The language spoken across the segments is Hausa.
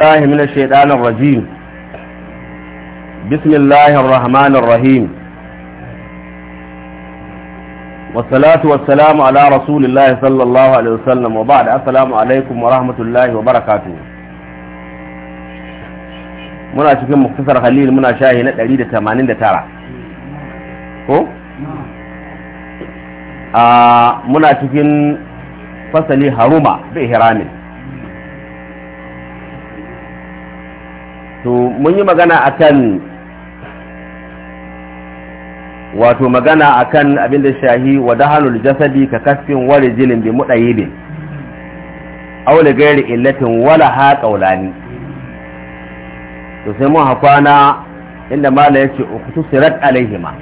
الله من الشيطان الرجيم بسم الله الرحمن الرحيم والصلاة والسلام على رسول الله صلى الله عليه وسلم وبعد السلام عليكم ورحمة الله وبركاته منا شكل مختصر خليل منا شاهنة عديدة ثمانين ترى هو آه منا شكل فصلي هرومة بإهرامه to mun yi magana kan wato magana akan abin da shahi wa hannun jasadi ka kasfin wari jinin bi mudayibin aw li gari illatin wala ha qawlani to sai mun hakwana inda mala yace sirat alaihima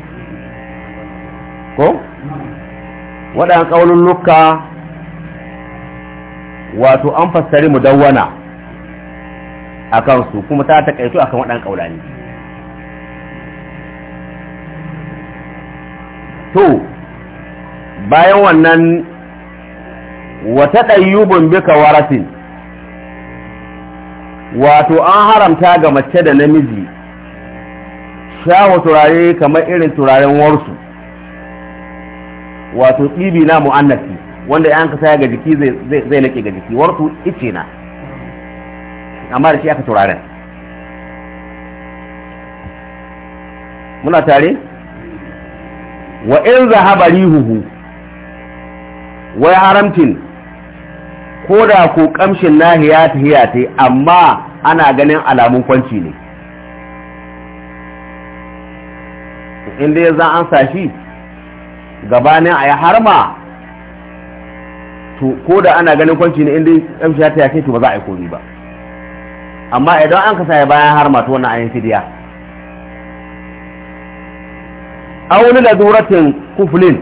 ko wadan qaulun lukka wato an fassari mu mudawwana a kansu kuma ta a akan waɗannan kaulani to bayan wannan wata ɗayyubin bika warasin wato an haramta ga mace da namiji shawo turare kamar irin turaren warsu wato ɗibi na mu'annafi wanda yanka kasa ga jiki zai naƙe ga jiki warsu ice na amma da shi aka turaren muna tare wa in zahaba rihuhu wai haramtin ko da ko kamshin nahiya ta hiya ta amma ana ganin alamun kwanci ne inda ya za an sashi gabanin a ya harma to ko da ana ganin kwanci ne inda kamshin ya ta yake to ba za a yi komi ba amma idan an kasa bayan har mato wannan ayin fidiya auli da duratin kuflin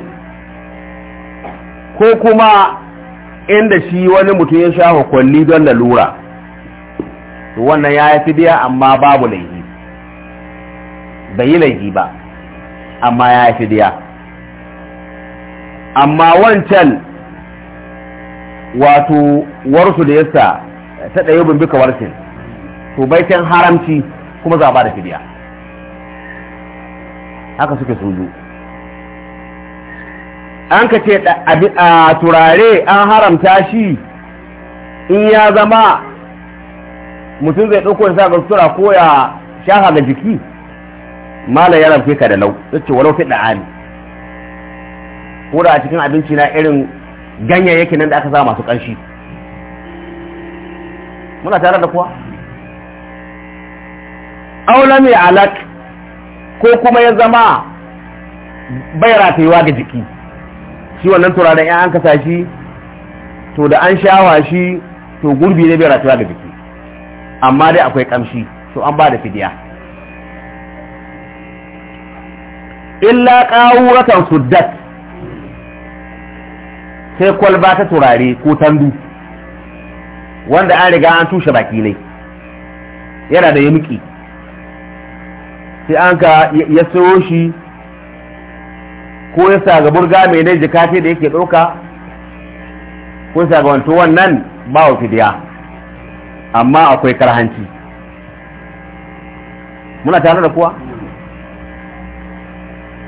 ko kuma inda shi wani mutum ya sha hukunni don lalura to wannan ya yi fidiya amma babu laifi bai yi laifi ba amma ya yi fidiya amma wancan wato warsu da yasa ta ɗaya bin bika warsin to can haramci kuma za a da fidiya haka suke suju an ka ce a turare an haramta shi in ya zama mutum zai ɗauko sa ga sutura ko ya shafa ga jiki mala ya ramfe ka da lau ce walau fiɗa da'ani ko da a cikin abinci na irin ganyayyaki nan da aka sa masu ƙanshi muna tare da kuwa aula mai alak ko kuma ya zama bai ratayuwa ga jiki shi wannan turaren ya an kasa shi to da an shawa shi to gurbi ne bai ratayuwa ga jiki amma dai akwai kamshi to an ba da fidiya illa ƙawuratan suddat sai kwalba ta turare ko tandu wanda an riga an tushe baki ne yana da yamuki sai an ka ya sayo shi ko ya sa ga burga mai dai jika ce da yake ɗauka ko ya sa ga wanto wannan ba wa fidiya amma akwai karhanci muna tare da kuwa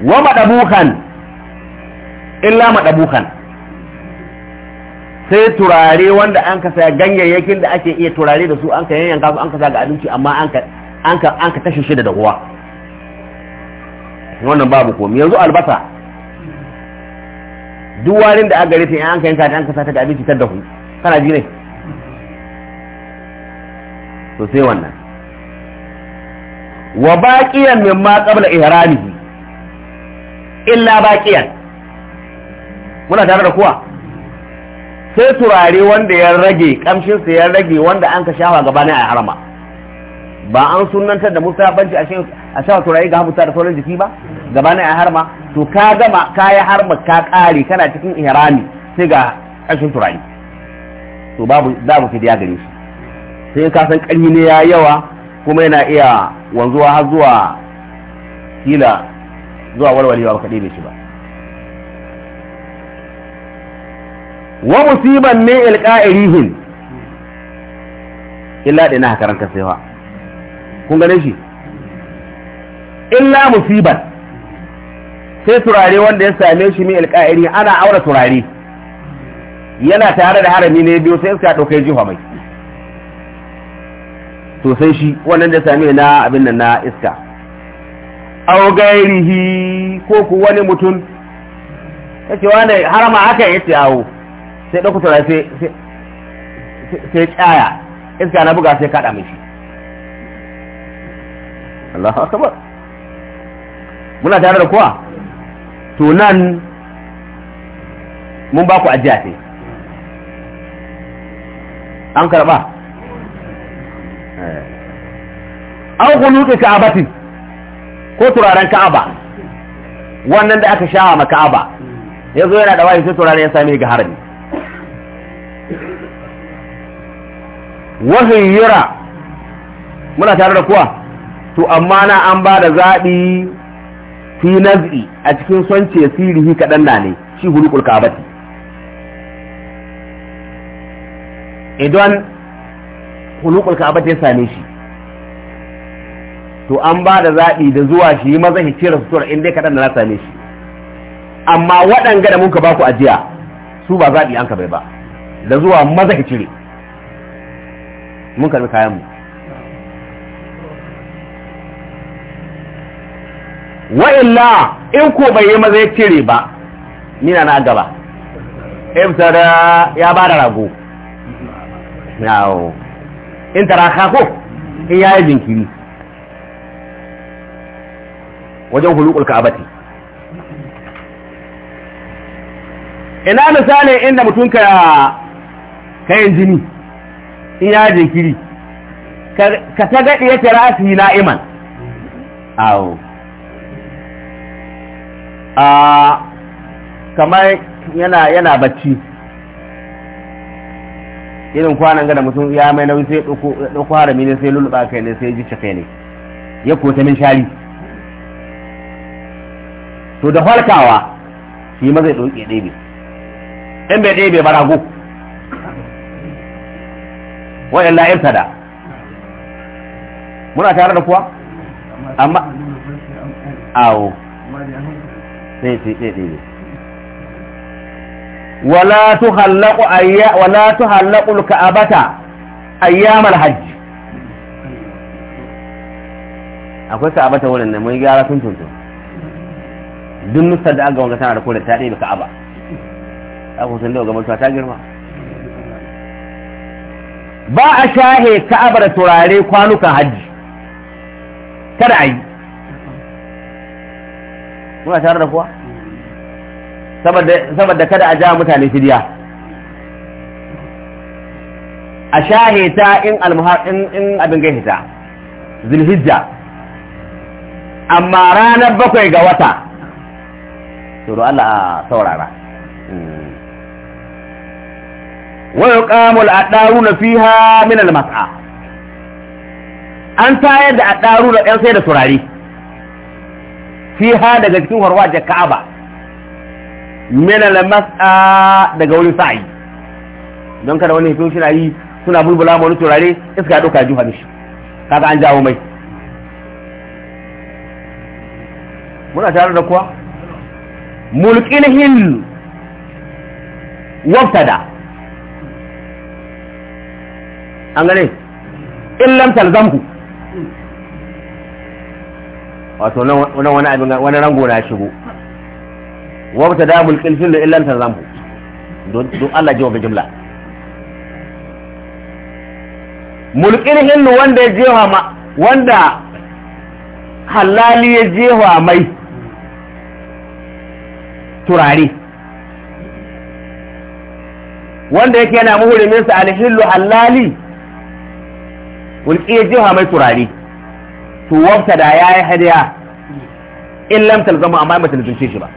wa maɗabukan illa maɗabukan sai turare wanda an sa ganyayyakin da ake iya turare da su an ka yanyanka su an sa ga abinci amma an ka tashi shi da dahuwa wannan babu komi yanzu albasa duk warin da aka gare an kai yanka an ka sata ga abinci tar da ku kana ji ne to sai wannan wa baqiyan ma qabla ihramihi illa baqiyan muna tare da kuwa sai turare wanda ya rage kamshin sa ya rage wanda an ka shafa gabanin a harama ba an sunantar da banci a shan turai ga musa da sauran jiki ba Gaba na a harma to ka gama ka yi harma ka kare kana cikin ihrami sai ga ƙarshen turai. to babu mu fi gare shi sai ka san kanyi ne ya yawa kuma yana iya wanzuwa har zuwa kila zuwa walwalewa ba kaɗai shi ba wa musiban ne ilqa'irihin illa na karanta saiwa kun gane shi illa musibar sai turare wanda ya same shi min alƙa'iri ana aure turare yana tare da harami ne biyu sai iska ɗaukai jiwa mai to sai shi wannan da same na abin nan na iska aw gairihi ko ku wani mutum yace wane harama haka yace awo sai ɗauka turare sai sai tsaya iska na buga sai kaɗa mishi Allahu akbar muna tare da kowa to nan mun ba ku ajiya ce an karɓa eh. an ka ka'abatin ko turaren ka'aba wannan da aka sha ma ka'aba ya zo yana da wayi sai turaren ya sami ga harami yura muna tare da kuwa to amma na an ba da zaɓi fi naz'i a cikin son ce sirihi kaɗan na ne shi hulukul kabati idan hulukul kabati ya same shi to an ba da zaɓi da zuwa shi maza shi cire sutura in dai kaɗan na same shi amma waɗanga da muka baku ajiya su ba zaɓi an ka bai ba da zuwa maza shi mun karɓi kayan mu wa in ko bai yi maza ya cire ba nina na gaba da ya ba da rago yawo in tara ko in ya yi jinkiri wajen hulukul ka'abati ina misalin inda mutum ka kayan jini in ya yi jinkiri ka ta gaɗi ya tara su yi na'iman awo a kamar yana yana bacci irin kwanan gada mutum ya mai nauyi sai ɗauko harami ne sai lulluɓa kai ne sai ji kai ne ya kota min shari to da farkawa shi ma zai ɗauke ɗebe in bai ɗebe ba rago wa'in la'ir da muna tare da kuwa amma awo sai sai sai sai wala tuhallaqu ayya wala tuhallaqu alka'abata ayyam alhajj akwai ka'abata wurin nan mun gyara sun tuntu duk nusar da aga wanga tana da kodar ta ɗaya ka'aba ta kusan da mutuwa ta girma ba a shahe ka'abar turare kwanukan hajji kada a yi muna tare da kuwa saboda kada a ja mutane fidiya a sha heta in abin gai heta zulhijja amma ranar bakwai ga wata turu Allah a saurara hmm. wani kamul a ɗaru na fiha min al-mas'a an tayar da a ɗaru da ɗan sai da turare fiha daga cikin da ka'aba min al-mas'a daga wurin sa'i don kada wani hito shi yi suna bulbula wani turare iska ya ɗauka jufa mishi kaga an jawo mai muna tare da kuwa mulkin hill waftada an gane in lam talzamhu wato nan wani abin wani rango na shigo wa ta da mulkin fil da illan tazambu don Allah ji wa jumla mulkin hinnu wanda ya jewa ma wanda halali ya jewa mai turare wanda yake yana muhurimin sa alhillu halali mulki ya jewa mai turare Tuwarta da ya yi hadiya in lam talzama amma ba talzance shi ba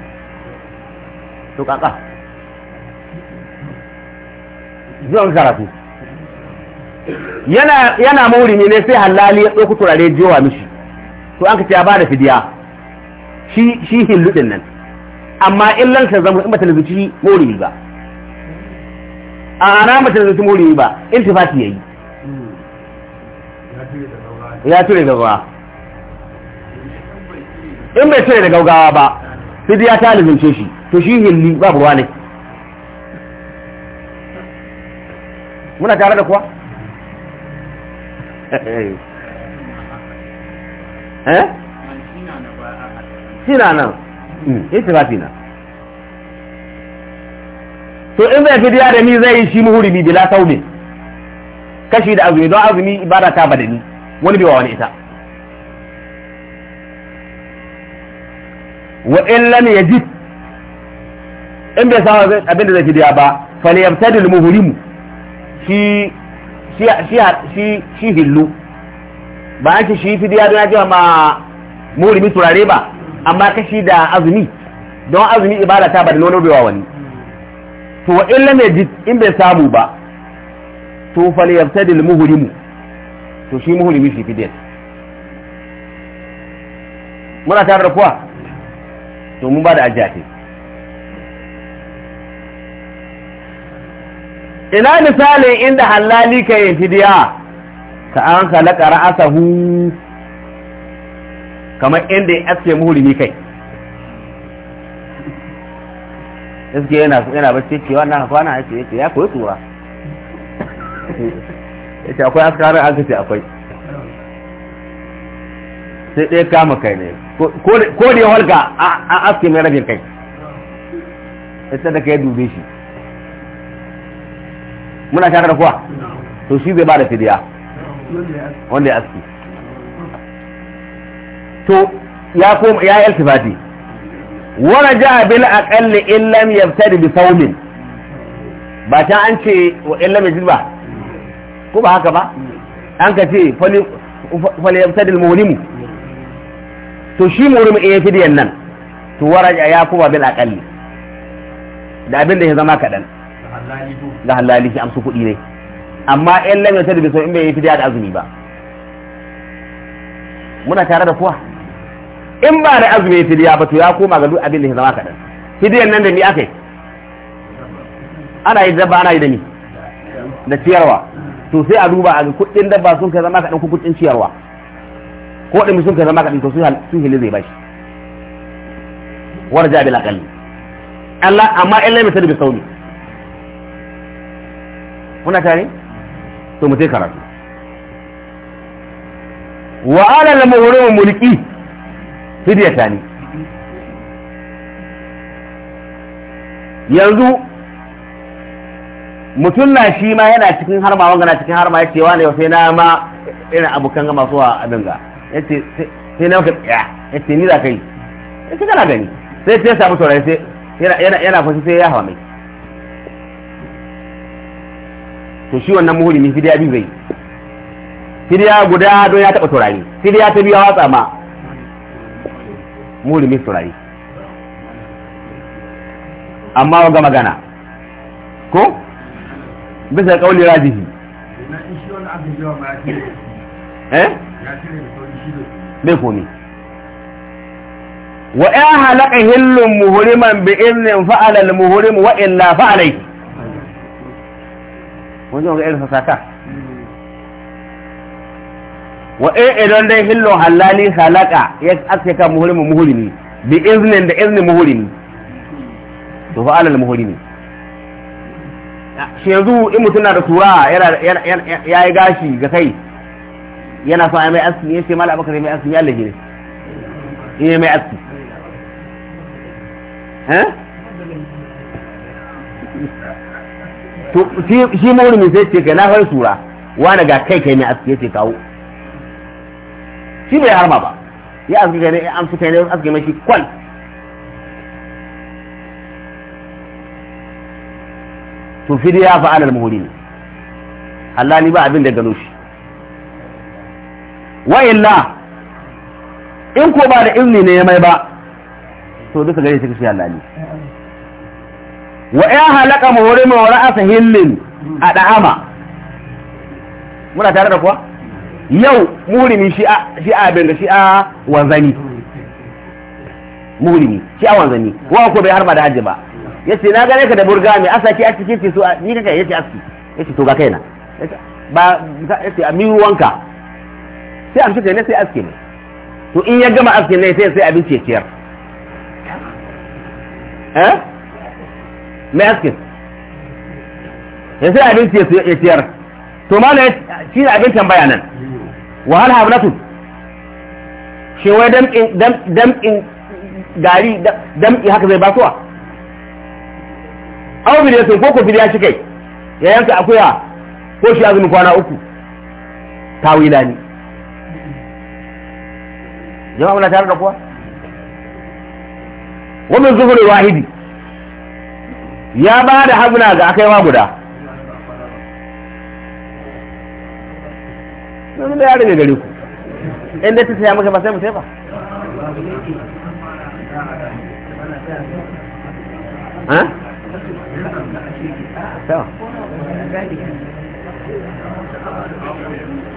to kaka zuwan karatu yana yana maurimi ne sai halali ya tsoko turare jiwa mishi to an kace ya bada fidiya shi shi hilludin nan amma in lam talzama in ba talzance maurimi ba a ana da talzance maurimi ba in yayi ya Ya ture gaba in bai cire da gaugawa ba sai ya ta lizince shi to shi hilli babu ruwa ne muna tare da kuwa eh sina nan hmm. ita ba sina to in zai fidiya da ni zai yi shi muhurimi bila taubin kashi da azumi don azumi ibada ta badani wani bi wa wani ita wa in lam yajid in bai samu abin da zai fidiya ba falyabtadil muhrimu shi shi shi shi hillu ba an ce shi fidiya don ajiya ma muhrimi turare ba amma kashi da azumi don azumi ibada ta ba da nono wa wani to wa in lam yajid in bai samu ba to falyabtadil muhrimu to shi muhrimi shi diya muna tare da kuwa to mun ba da ajiya ce ina misalin inda halali ka yi fidiya ka an halaka hu kamar inda ya aske muhurimi kai iske yana yana bacci cewa na kwana yake ya koyi tsura ce akwai askarin an kace akwai sai ɗaya kama kai ne ko da ya walga a aske mai rabin kai ita da ka yi dube shi muna tare da kuwa to shi zai ba da fidiya wanda ya aski to ya koma ya yi alfifati wani ja bil aƙalli in lam yabtadi bi saumin ba ta an ce wa in lam yajid ba ko ba haka ba an ka ce fali yabtadi al to shi murum in ya fidiyan nan to wara ya kuma bil aqalli da abin da ya zama kaɗan ga halali shi amsu kuɗi ne amma in lam yasad bi in bai yi fidiya da azumi ba muna tare da kuwa in ba da azumi ya fidiya ba to ya koma ga duk abin da ya zama kaɗan fidiyan nan da ni akai ana yi dabba ana yi da ni da ciyarwa to sai a duba a kuɗin dabba sun kai zama kaɗan ko kuɗin ciyarwa ko waɗanda sun ka zama kaɗin to sun hili zai bashi warja bil aqal Allah amma in lai misali bi sauni kuna tare to mu sai karatu wa ala al muhrim mulki tani yanzu mutum na shi ma yana cikin harma wanga na cikin harma yace wa ne sai na ma irin abokan ga masu abin ga yace sai na ka tsaya yace ni za ka yi eh, kana gani sai sai samu saurari sai yana yana sai ya hawa mai to shi wannan fidiya guda do ya taɓa saurari fidiya ta biya a watsa ma muhuri mai amma ga magana ko bisa kauli rajihi eh bai komi wa ya halaka hillun muhuriman bi irnin fa'alal muhurim wa illa fa'alai wanda ga irin sasaka wa idan dai hillun halali halaka ya ake kan muhurimin muhurimi bi irnin da irnin muhurimi to fa'alal muhurimi shi yanzu in mutum na da tura ya yi gashi ga kai yana so a mai aski ya ce mala abakar mai aski ya lahi ne ya mai aski eh? shi maulimi sai ce kai na har sura wani ga kai kai mai aski ya ce kawo shi bai harma ba ya aski kai ne an fi kai ne aski mai shi kwal to fidiya fa'alal ne, Allah ni ba abin da gano shi wa illa in ko ba da izini ne ya mai ba to duka gare shi shi Allah ne wa ya halaka muhrima wa ra'asa hillin a da'ama muna tare da kuwa yau murimi shi a shi a bin shi a wanzani murimi shi a wanzani wa ko bai harba da hajji ba yace na gare ka da burga mai asaki a cikin su a ni kaka yace aski yace to ga kaina ba yace a mi sai amshi kai ne sai aske ne to in ya gama aske ne sai sai abinci ya ciyar eh mai aske ya sai abinci ya ciyar ma ne shi ne abin tambaya nan wahal hablatu shi wai dam in gari damki haka zai basuwa awu bidiyar sun koko ko shi kai ya yanka akuya ko shi azumin kwana uku tawila ne jama'a muna tare da kuwa wannan zuhuri wahidi ya ba da haguna ga akai ma guda sun da ya rage gare ku inda ta saya maka ba sai mu sai ba